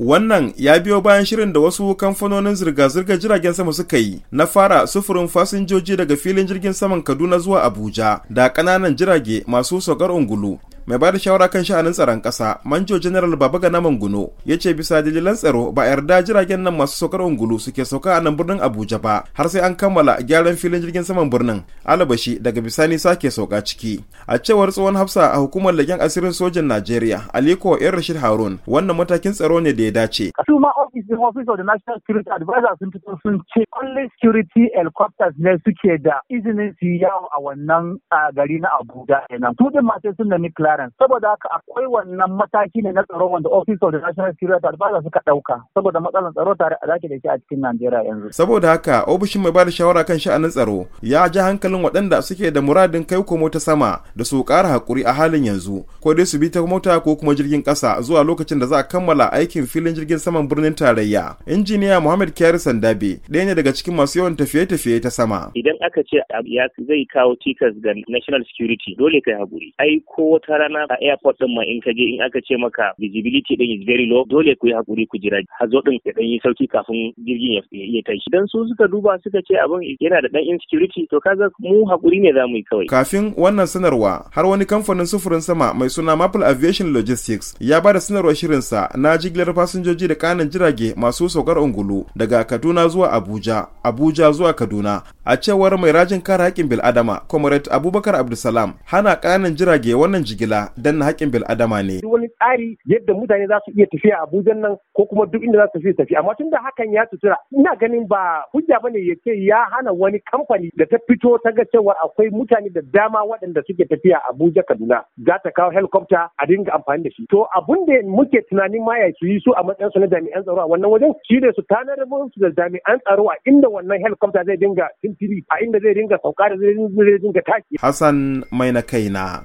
Wannan ya biyo bayan shirin da wasu kamfanonin zirga-zirga jiragen sama suka yi na fara sufurin fasinjoji daga filin jirgin saman Kaduna zuwa Abuja da ƙananan jirage masu saukar ungulu mai ba da shawara kan sha'anin tsaron kasa manjo general babagana manguno ya ce bisa dalilan tsaro ba a yarda jiragen nan masu saukar ungulu suke sauka a nan birnin abuja ba har sai an kammala gyaran filin jirgin saman birnin alabashi daga bisani sake sauka ciki a cewar tsohon hafsa a hukumar leken asirin sojan najeriya aliko yan rashid harun wannan matakin tsaro ne da ya dace. su ma ofis da national security advisor sun fito sun ce only security helicopters ne suke da izinin su yawo a wannan gari na abuja kenan tudin masu sun nemi saboda haka akwai wannan mataki ne na tsaro wanda office of the national security advisor suka dauka saboda matsalar tsaro tare da zaki da shi a cikin najeriya yanzu saboda haka ofishin mai bada shawara kan sha'anin tsaro ya ji hankalin waɗanda suke da muradin kai ko mota sama da su ƙara hakuri a halin yanzu ko dai su bi ta mota ko kuma jirgin ƙasa zuwa lokacin da za a kammala aikin filin jirgin saman birnin tarayya injiniya muhammad kyari sandabe ɗaya ne daga cikin masu yawan tafiye-tafiye ta sama idan aka ce ya zai kawo cikas ga national security dole kai hakuri ai ko wata rana a airport din ma in ka je in aka ce maka visibility din is very low dole ku yi hakuri ku jira hazo din ya dan yi sauki kafin jirgin ya iya tashi dan su suka duba suka ce abin yana da dan insecurity to kaga mu hakuri ne zamu yi kawai kafin wannan sanarwa har wani kamfanin sufurin sama mai suna Maple Aviation Logistics ya bada sanarwar sa na jigilar fasinjoji da kanan jirage masu saukar ungulu daga Kaduna zuwa Abuja Abuja zuwa Kaduna a cewar mai rajin kare haƙƙin bil'adama Comrade Abubakar Abdulsalam hana kanan jirage wannan jigila Dan na haƙƙin bil adama ne. Wani tsari yadda mutane za su iya tafiya Abuja nan ko kuma duk inda za su tafi tafi amma tun da hakan ya tutura ina ganin ba hujja bane ya ce ya hana wani kamfani da ta fito ta ga cewa akwai mutane da dama waɗanda suke tafiya Abuja Kaduna za ta kawo helicopter a dinga amfani da shi. To abun da muke tunanin ma ya yi su a matsayin su na jami'an tsaro a wannan wajen shi ne su tanar su da jami'an tsaro a inda wannan helicopter zai dinga tintiri a inda zai dinga sauka da zai dinga taki. Hassan mai na kaina.